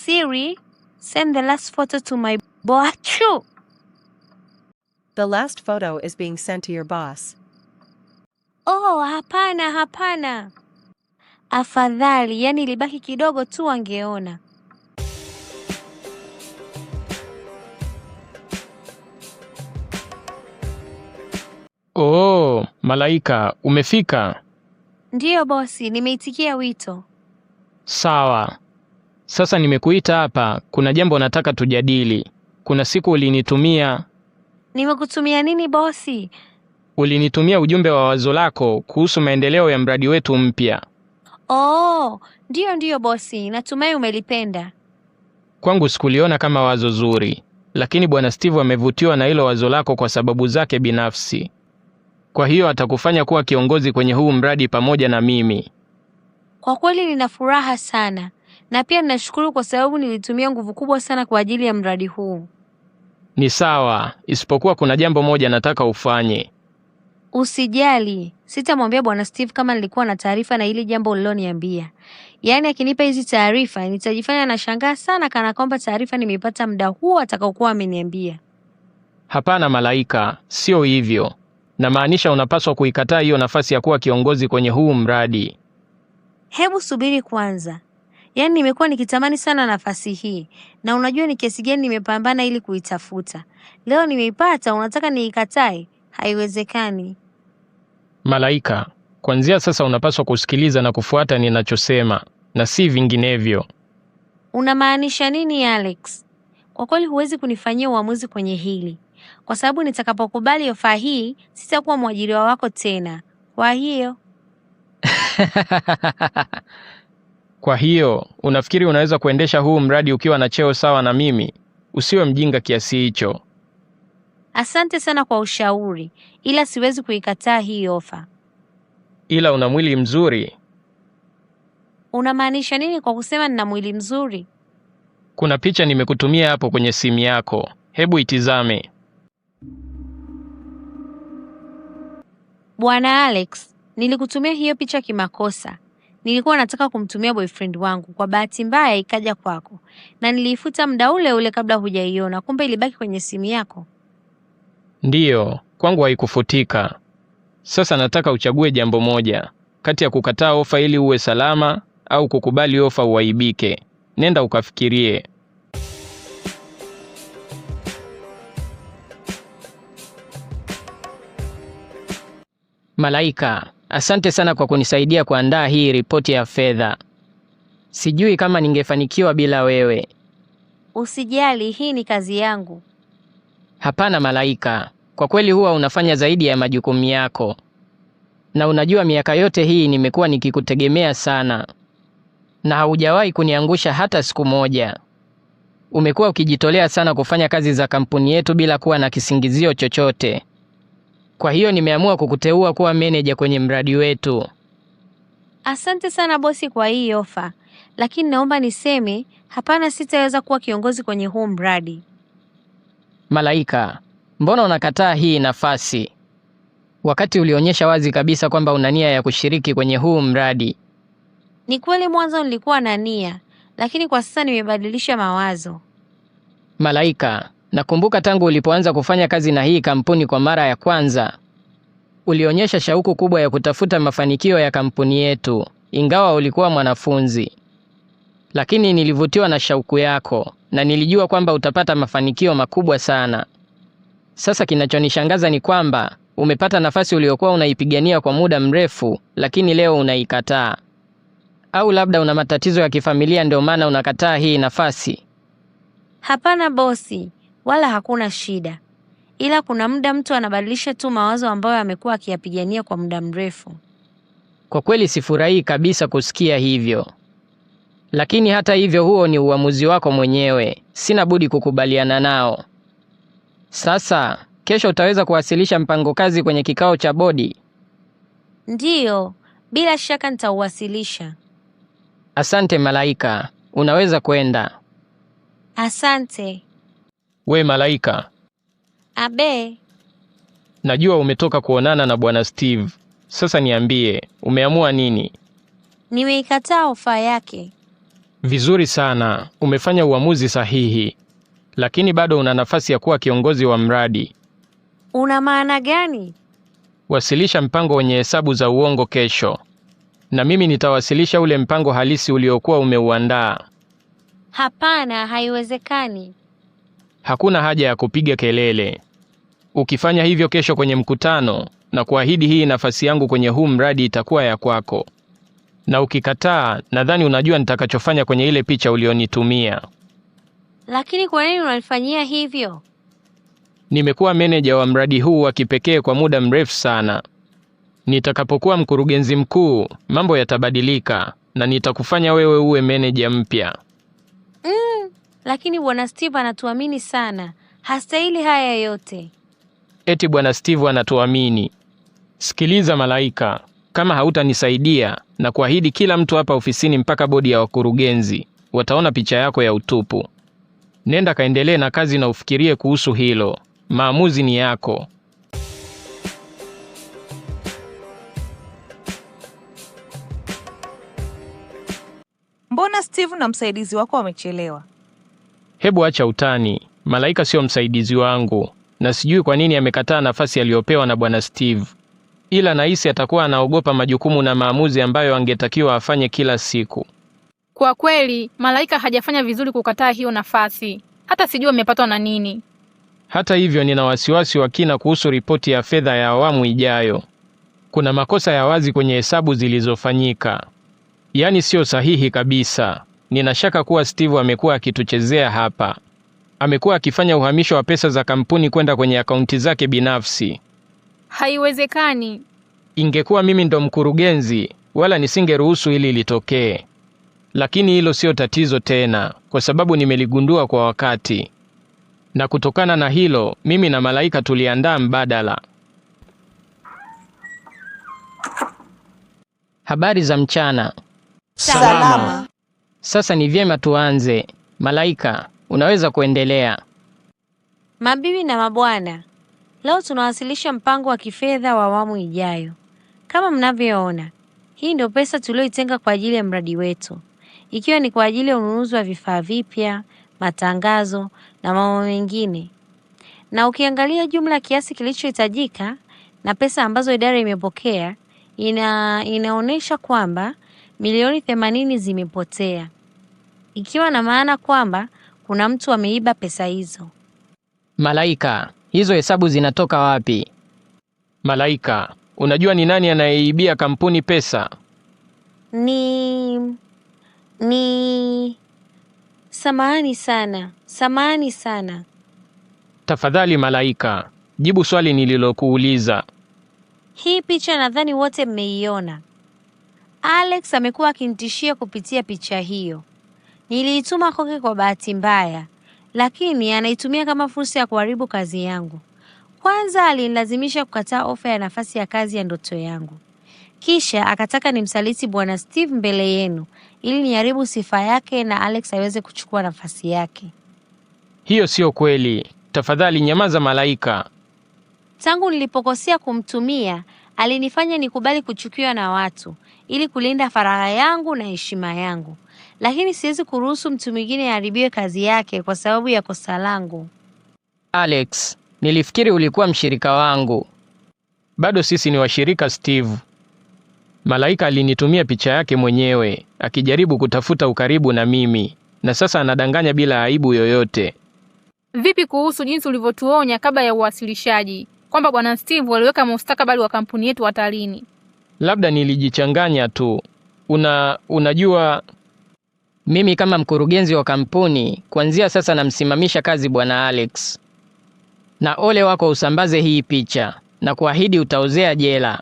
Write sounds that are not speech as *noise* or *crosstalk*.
Siri, send the last photo to my boachu. The last photo is being sent to your boss. Oh, hapana, hapana. Afadhali, yani ilibaki kidogo tu angeona. Oh, Malaika, umefika? Ndiyo bosi, nimeitikia wito. Sawa. Sasa nimekuita hapa, kuna jambo nataka tujadili. Kuna siku ulinitumia. Nimekutumia nini bosi? Ulinitumia ujumbe wa wazo lako kuhusu maendeleo ya mradi wetu mpya. Oh, ndiyo ndiyo bosi, natumai umelipenda. Kwangu sikuliona kama wazo zuri, lakini bwana Steve amevutiwa na hilo wazo lako kwa sababu zake binafsi. Kwa hiyo atakufanya kuwa kiongozi kwenye huu mradi pamoja na mimi. Kwa kweli nina furaha sana na pia ninashukuru kwa sababu nilitumia nguvu kubwa sana kwa ajili ya mradi huu. Ni sawa, isipokuwa kuna jambo moja nataka ufanye. Usijali, sitamwambia bwana Steve kama nilikuwa na taarifa na hili jambo uliloniambia. Yaani akinipa hizi taarifa nitajifanya nashangaa sana, kana kwamba taarifa nimeipata muda huo atakaokuwa ameniambia. Hapana Malaika, sio hivyo. Namaanisha unapaswa kuikataa hiyo nafasi ya kuwa kiongozi kwenye huu mradi. Hebu subiri kwanza, Yaani nimekuwa nikitamani sana nafasi hii na unajua ni kiasi gani nimepambana ili kuitafuta. Leo nimeipata, unataka niikatae? Haiwezekani. Malaika, kuanzia sasa unapaswa kusikiliza na kufuata ninachosema na si vinginevyo. Unamaanisha nini Alex? Kwa kweli huwezi kunifanyia uamuzi kwenye hili, kwa sababu nitakapokubali ofa hii sitakuwa mwajiriwa wako tena. Kwa hiyo *laughs* Kwa hiyo unafikiri unaweza kuendesha huu mradi ukiwa na cheo sawa na mimi? Usiwe mjinga kiasi hicho. Asante sana kwa ushauri, ila siwezi kuikataa hii ofa. Ila una mwili mzuri. Unamaanisha nini kwa kusema nina mwili mzuri? Kuna picha nimekutumia hapo kwenye simu yako, hebu itizame. Bwana Alex, nilikutumia hiyo picha kimakosa. Nilikuwa nataka kumtumia boyfriend wangu, kwa bahati mbaya ikaja kwako, na niliifuta muda ule ule kabla hujaiona. Kumbe ilibaki kwenye simu yako? Ndiyo, kwangu haikufutika. Sasa nataka uchague jambo moja kati ya kukataa ofa ili uwe salama au kukubali ofa uaibike. Nenda ukafikirie. Malaika Asante sana kwa kunisaidia kuandaa hii ripoti ya fedha. Sijui kama ningefanikiwa bila wewe. Usijali, hii ni kazi yangu. Hapana Malaika, kwa kweli huwa unafanya zaidi ya majukumu yako, na unajua miaka yote hii nimekuwa nikikutegemea sana, na haujawahi kuniangusha hata siku moja. Umekuwa ukijitolea sana kufanya kazi za kampuni yetu bila kuwa na kisingizio chochote. Kwa hiyo nimeamua kukuteua kuwa meneja kwenye mradi wetu. Asante sana bosi kwa hii ofa, lakini naomba niseme hapana, sitaweza kuwa kiongozi kwenye huu mradi. Malaika, mbona unakataa hii nafasi wakati ulionyesha wazi kabisa kwamba una nia ya kushiriki kwenye huu mradi? Ni kweli mwanzo nilikuwa na nia, lakini kwa sasa nimebadilisha mawazo. Malaika, Nakumbuka tangu ulipoanza kufanya kazi na hii kampuni kwa mara ya kwanza, ulionyesha shauku kubwa ya kutafuta mafanikio ya kampuni yetu, ingawa ulikuwa mwanafunzi. Lakini nilivutiwa na shauku yako na nilijua kwamba utapata mafanikio makubwa sana. Sasa kinachonishangaza ni kwamba umepata nafasi uliokuwa unaipigania kwa muda mrefu, lakini leo unaikataa. Au labda una matatizo ya kifamilia ndio maana unakataa hii nafasi? Hapana bosi, wala hakuna shida, ila kuna muda mtu anabadilisha tu mawazo ambayo amekuwa akiyapigania kwa muda mrefu. Kwa kweli sifurahii kabisa kusikia hivyo, lakini hata hivyo, huo ni uamuzi wako mwenyewe, sina budi kukubaliana nao. Sasa kesho utaweza kuwasilisha mpango kazi kwenye kikao cha bodi? Ndiyo, bila shaka nitauwasilisha. Asante Malaika, unaweza kwenda. Asante. We malaika, abe, najua umetoka kuonana na bwana Steve. Sasa niambie, umeamua nini? Nimeikataa ofa yake. Vizuri sana, umefanya uamuzi sahihi, lakini bado una nafasi ya kuwa kiongozi wa mradi. Una maana gani? Wasilisha mpango wenye hesabu za uongo kesho, na mimi nitawasilisha ule mpango halisi uliokuwa umeuandaa. Hapana, haiwezekani. Hakuna haja ya kupiga kelele. Ukifanya hivyo kesho kwenye mkutano, na kuahidi hii nafasi yangu kwenye huu mradi itakuwa ya kwako, na ukikataa, nadhani unajua nitakachofanya kwenye ile picha ulionitumia. Lakini kwa nini unanifanyia hivyo? Nimekuwa meneja wa mradi huu wa kipekee kwa muda mrefu sana. Nitakapokuwa mkurugenzi mkuu, mambo yatabadilika na nitakufanya wewe uwe meneja mpya. Mm lakini bwana Steve anatuamini sana, hastahili haya yote. Eti bwana Steve anatuamini? Sikiliza Malaika, kama hautanisaidia na kuahidi kila mtu hapa ofisini mpaka bodi ya wakurugenzi wataona picha yako ya utupu. Nenda kaendelee na kazi na ufikirie kuhusu hilo. Maamuzi ni yako. Mbona Steve na msaidizi wako wamechelewa? Hebu acha utani, Malaika sio msaidizi wangu, na sijui kwa nini amekataa nafasi aliyopewa na bwana Steve, ila nahisi atakuwa anaogopa majukumu na maamuzi ambayo angetakiwa afanye kila siku. Kwa kweli, Malaika hajafanya vizuri kukataa hiyo nafasi, hata sijui amepatwa na nini. Hata hivyo, nina wasiwasi wa kina kuhusu ripoti ya fedha ya awamu ijayo. Kuna makosa ya wazi kwenye hesabu zilizofanyika, yaani siyo sahihi kabisa. Nina shaka kuwa Steve amekuwa akituchezea hapa. Amekuwa akifanya uhamisho wa pesa za kampuni kwenda kwenye akaunti zake binafsi. Haiwezekani. Ingekuwa mimi ndo mkurugenzi, wala nisingeruhusu hili litokee. Lakini hilo sio tatizo tena, kwa sababu nimeligundua kwa wakati, na kutokana na hilo, mimi na Malaika tuliandaa mbadala. Habari za mchana. Salama. Sasa ni vyema tuanze. Malaika, unaweza kuendelea. Mabibi na mabwana, leo tunawasilisha mpango wa kifedha wa awamu ijayo. Kama mnavyoona, hii ndio pesa tulioitenga kwa ajili ya mradi wetu, ikiwa ni kwa ajili ya ununuzi wa vifaa vipya, matangazo na mambo mengine. Na ukiangalia jumla ya kiasi kilichohitajika na pesa ambazo idara imepokea, ina inaonyesha kwamba milioni themanini zimepotea, ikiwa na maana kwamba kuna mtu ameiba pesa hizo. Malaika, hizo hesabu zinatoka wapi? Malaika, unajua ni nani anayeibia kampuni pesa? Ni ni samahani sana, samahani sana. Tafadhali Malaika, jibu swali nililokuuliza. Hii picha nadhani wote mmeiona. Alex amekuwa akinitishia kupitia picha hiyo. Niliituma kwake kwa bahati mbaya, lakini anaitumia kama fursa ya kuharibu kazi yangu. Kwanza alinilazimisha kukataa ofa ya nafasi ya kazi ya ndoto yangu, kisha akataka nimsaliti Bwana Steve mbele yenu ili niharibu sifa yake na Alex aweze kuchukua nafasi yake. Hiyo siyo kweli. Tafadhali nyamaza, Malaika. Tangu nilipokosea kumtumia, alinifanya nikubali kuchukiwa na watu ili kulinda faragha yangu na heshima yangu, lakini siwezi kuruhusu mtu mwingine aharibiwe kazi yake kwa sababu ya kosa langu. Alex, nilifikiri ulikuwa mshirika wangu. Bado sisi ni washirika, Steve. Malaika alinitumia picha yake mwenyewe akijaribu kutafuta ukaribu na mimi, na sasa anadanganya bila aibu yoyote. Vipi kuhusu jinsi ulivyotuonya kabla ya uwasilishaji kwamba bwana Steve aliweka mustakabali wa kampuni yetu hatarini? labda nilijichanganya tu. Una, unajua mimi kama mkurugenzi wa kampuni kuanzia sasa namsimamisha kazi bwana Alex, na ole wako usambaze hii picha na kuahidi utaozea jela.